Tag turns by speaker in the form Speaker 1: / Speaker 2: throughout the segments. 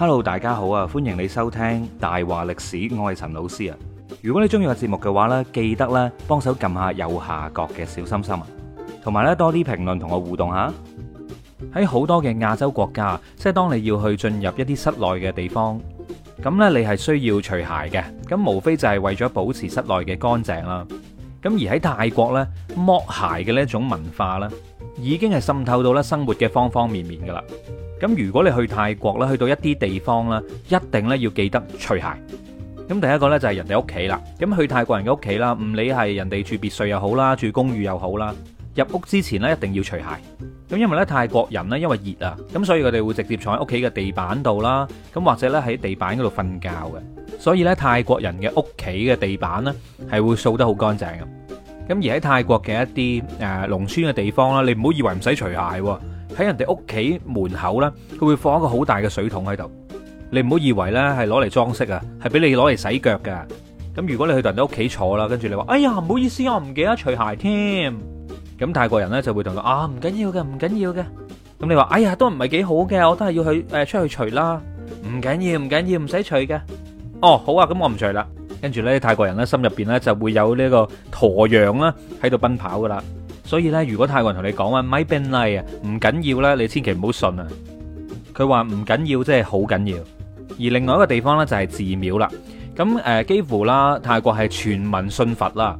Speaker 1: Hello，大家好啊！歡迎你收聽大話歷史，我係陳老師啊！如果你中意我節目嘅話呢，記得咧幫手撳下右下角嘅小心心啊，同埋咧多啲評論同我互動下。喺好多嘅亞洲國家，即係當你要去進入一啲室內嘅地方，咁呢，你係需要除鞋嘅，咁無非就係為咗保持室內嘅乾淨啦。咁而喺泰國呢，剝鞋嘅呢一種文化呢。已經係滲透到咧生活嘅方方面面㗎喇。咁如果你去泰國咧，去到一啲地方咧，一定咧要記得除鞋。咁第一個呢，就係人哋屋企啦。咁去泰國人嘅屋企啦，唔理係人哋住別墅又好啦，住公寓又好啦，入屋之前咧一定要除鞋。咁因為咧泰國人咧因為熱啊，咁所以佢哋會直接坐喺屋企嘅地板度啦，咁或者咧喺地板嗰度瞓覺嘅。所以咧泰國人嘅屋企嘅地板呢，係會掃得好乾淨嘅。咁而喺泰國嘅一啲誒農村嘅地方啦，你唔好以為唔使除鞋喎，喺人哋屋企門口咧，佢會放一個好大嘅水桶喺度。你唔好以為咧係攞嚟裝飾啊，係俾你攞嚟洗腳嘅。咁如果你去到人哋屋企坐啦，跟住你話：哎呀，唔好意思，我唔記得除鞋添。咁泰國人咧就會同你話：啊，唔緊要嘅，唔緊要嘅。咁你話：哎呀，都唔係幾好嘅，我都係要去誒出去除啦。唔緊要，唔緊要，唔使除嘅。哦，好啊，咁我唔除啦。跟住呢，泰國人呢心入邊呢就會有呢個駝羊啦喺度奔跑噶啦，所以呢，如果泰國人同你講話，米兵麗啊唔緊要啦，你千祈唔好信啊，佢話唔緊要，即係好緊要。而另外一個地方呢，就係寺廟啦，咁、呃、誒幾乎啦泰國係全民信佛啦，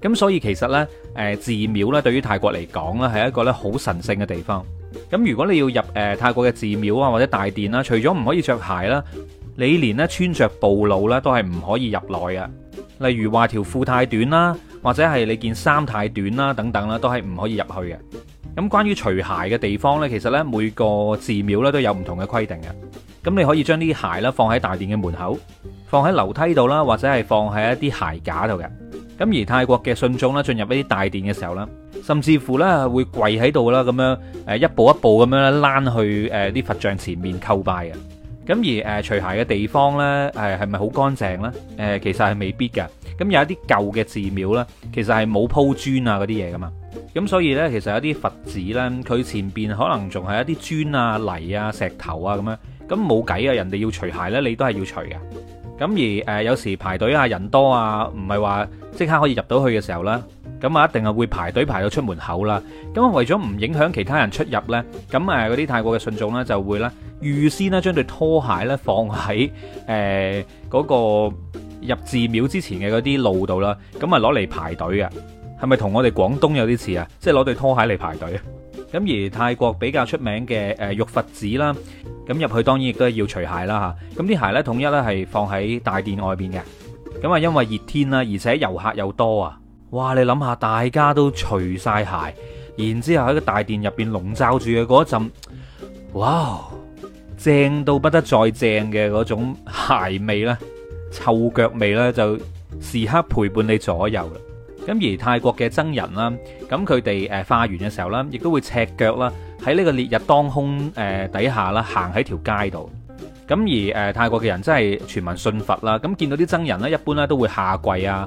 Speaker 1: 咁所以其實呢，誒、呃、寺廟呢對於泰國嚟講呢，係一個呢好神聖嘅地方。咁如果你要入、呃、泰國嘅寺廟啊或者大殿啦，除咗唔可以着鞋啦。你連咧穿着暴露咧都係唔可以入內嘅，例如話條褲太短啦，或者係你件衫太短啦等等啦，都係唔可以入去嘅。咁關於除鞋嘅地方呢，其實呢每個寺廟咧都有唔同嘅規定嘅。咁你可以將啲鞋呢放喺大殿嘅門口，放喺樓梯度啦，或者係放喺一啲鞋架度嘅。咁而泰國嘅信眾呢，進入一啲大殿嘅時候呢，甚至乎呢會跪喺度啦，咁樣誒一步一步咁樣攬去誒啲佛像前面叩拜嘅。咁而誒除鞋嘅地方呢，誒係咪好乾淨呢？誒其實係未必嘅。咁有一啲舊嘅寺廟呢，其實係冇鋪磚啊嗰啲嘢噶嘛。咁所以呢，其實有啲佛寺呢，佢前面可能仲係一啲磚啊、泥啊、石頭啊咁樣。咁冇計啊，人哋要除鞋呢，你都係要除嘅。咁而、呃、有時排隊啊，人多啊，唔係話即刻可以入到去嘅時候呢。咁啊，一定係會排隊排到出門口啦。咁啊，為咗唔影響其他人出入呢，咁嗰啲泰國嘅信眾呢，就會呢預先呢將對拖鞋呢放喺誒嗰個入寺廟之前嘅嗰啲路度啦。咁啊，攞嚟排隊啊，係咪同我哋廣東有啲似啊？即係攞對拖鞋嚟排隊啊。咁而泰國比較出名嘅玉佛寺啦，咁入去當然亦都要除鞋啦嚇。咁啲鞋呢，統一呢係放喺大殿外邊嘅。咁啊，因為熱天啦，而且遊客又多啊。哇！你諗下，大家都除晒鞋，然之後喺個大殿入邊籠罩住嘅嗰一陣，哇，正到不得再正嘅嗰種鞋味咧、臭腳味咧，就時刻陪伴你左右啦。咁而泰國嘅僧人啦，咁佢哋誒化緣嘅時候啦，亦都會赤腳啦，喺呢個烈日當空誒底下啦，行喺條街度。咁而泰國嘅人真係全民信佛啦。咁見到啲僧人咧，一般咧都會下跪啊，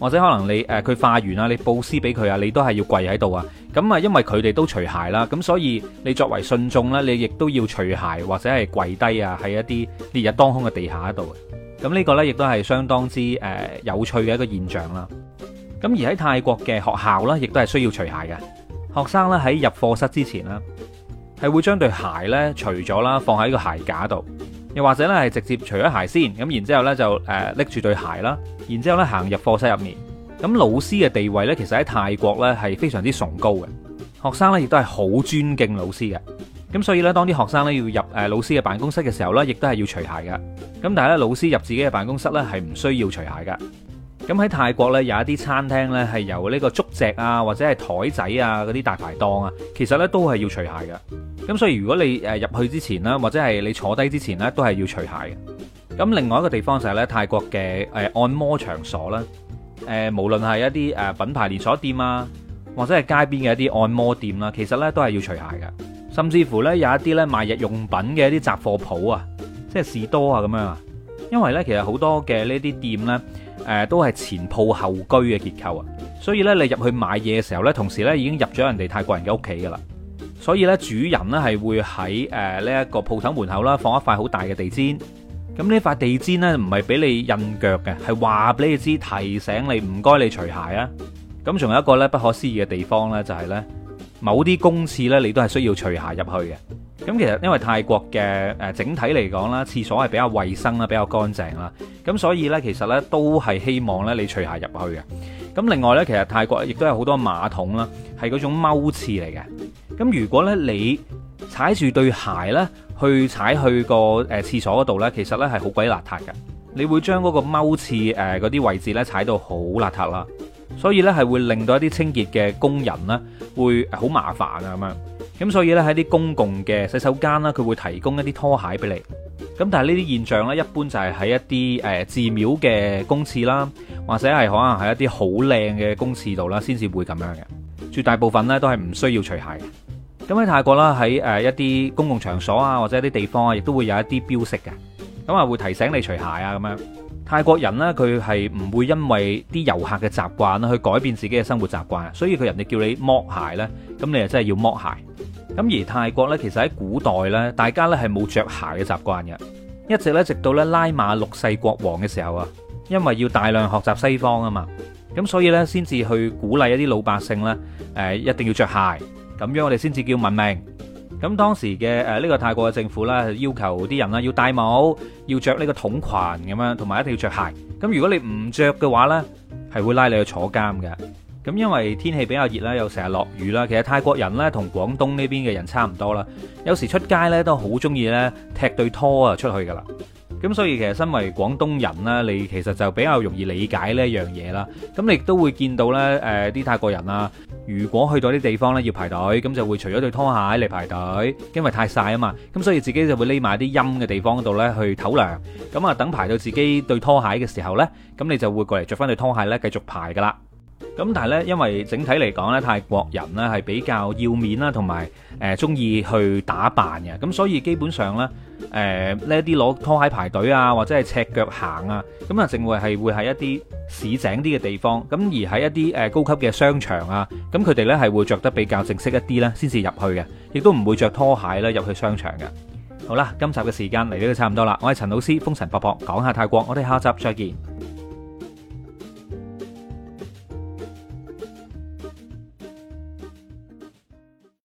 Speaker 1: 或者可能你誒佢化完啊，你布施俾佢啊，你都係要跪喺度啊。咁啊，因為佢哋都除鞋啦，咁所以你作為信眾咧，你亦都要除鞋或者係跪低啊，喺一啲烈日當空嘅地下度。咁、這、呢個咧亦都係相當之誒有趣嘅一個現象啦。咁而喺泰國嘅學校呢，亦都係需要除鞋嘅學生咧，喺入課室之前啦，係會將對鞋咧除咗啦，放喺個鞋架度。又或者咧，係直接除咗鞋先，咁然之後呢就誒拎住對鞋啦，然之後呢行入課室入面。咁老師嘅地位呢，其實喺泰國呢係非常之崇高嘅，學生呢亦都係好尊敬老師嘅。咁所以呢，當啲學生呢要入誒老師嘅辦公室嘅時候呢，亦都係要除鞋㗎。咁但係咧，老師入自己嘅辦公室呢係唔需要除鞋㗎。咁喺泰國呢，有一啲餐廳呢，係由呢個竹席啊，或者係台仔啊嗰啲大排檔啊，其實呢都係要除鞋嘅。咁所以如果你入去之前啦，或者係你坐低之前呢，都係要除鞋嘅。咁另外一個地方就係呢，泰國嘅按摩場所啦，誒、呃、無論係一啲誒品牌連鎖店啊，或者係街邊嘅一啲按摩店啦，其實呢都係要除鞋嘅。甚至乎呢，有一啲呢賣日用品嘅一啲雜貨鋪啊，即係士多啊咁樣啊，因為呢，其實好多嘅呢啲店呢。誒，都係前鋪後居嘅結構啊，所以咧，你入去買嘢嘅時候咧，同時咧已經入咗人哋泰國人嘅屋企噶啦，所以咧主人咧係會喺誒呢一個鋪頭門口啦放一塊好大嘅地氈，咁呢塊地氈咧唔係俾你印腳嘅，係話俾你知提醒你唔該你除鞋啊。咁仲有一個咧不可思議嘅地方咧、就係，就係咧某啲公廁咧你都係需要除鞋入去嘅。咁其實因為泰國嘅整體嚟講啦，廁所係比較衛生啦，比較乾淨啦，咁所以呢，其實呢都係希望咧你除鞋入去嘅。咁另外呢，其實泰國亦都有好多馬桶啦，係嗰種踎廁嚟嘅。咁如果呢，你踩住對鞋呢，去踩去個誒廁所嗰度呢，其實呢係好鬼邋遢嘅。你會將嗰個踎廁誒嗰啲位置呢踩到好邋遢啦，所以呢係會令到一啲清潔嘅工人呢會好麻煩啊咁樣。咁所以咧喺啲公共嘅洗手間啦，佢會提供一啲拖鞋俾你。咁但係呢啲現象咧，一般就係喺一啲誒寺廟嘅公廁啦，或者係可能係一啲好靚嘅公廁度啦，先至會咁樣嘅。絕大部分咧都係唔需要除鞋嘅。咁喺泰國啦，喺誒一啲公共場所啊，或者一啲地方啊，亦都會有一啲標識嘅，咁啊會提醒你除鞋啊咁樣。泰國人咧佢係唔會因為啲遊客嘅習慣咧去改變自己嘅生活習慣，所以佢人哋叫你剝鞋咧，咁你就真係要剝鞋。咁而泰國呢其實喺古代呢大家呢係冇着鞋嘅習慣嘅，一直呢直到呢拉馬六世國王嘅時候啊，因為要大量學習西方啊嘛，咁所以呢先至去鼓勵一啲老百姓呢誒一定要着鞋，咁樣我哋先至叫文明。咁當時嘅誒呢個泰國嘅政府呢要求啲人啦要戴帽，要着呢個筒裙咁樣，同埋一定要着鞋。咁如果你唔着嘅話呢，係會拉你去坐監嘅。咁因為天氣比較熱啦，又成日落雨啦。其實泰國人咧同廣東呢邊嘅人差唔多啦。有時出街咧都好中意咧踢對拖啊出去噶啦。咁所以其實身為廣東人啦，你其實就比較容易理解呢一樣嘢啦。咁你都會見到咧呃啲泰國人啊，如果去到啲地方咧要排隊，咁就會除咗對拖鞋嚟排隊，因為太曬啊嘛。咁所以自己就會匿埋啲陰嘅地方度咧去唞涼。咁啊等排到自己對拖鞋嘅時候咧，咁你就會過嚟着翻對拖鞋咧繼續排噶啦。咁但係咧，因為整體嚟講咧，泰國人咧係比較要面啦，同埋誒中意去打扮嘅，咁所以基本上咧，誒呢一啲攞拖鞋排隊啊，或者係赤腳行啊，咁啊淨會係會喺一啲市井啲嘅地方。咁而喺一啲誒高級嘅商場啊，咁佢哋咧係會著得比較正式一啲咧，先至入去嘅，亦都唔會著拖鞋啦入去商場嘅。好啦，今集嘅時間嚟到都差唔多啦，我係陳老師，風塵僕僕。講下泰國，我哋下集再見。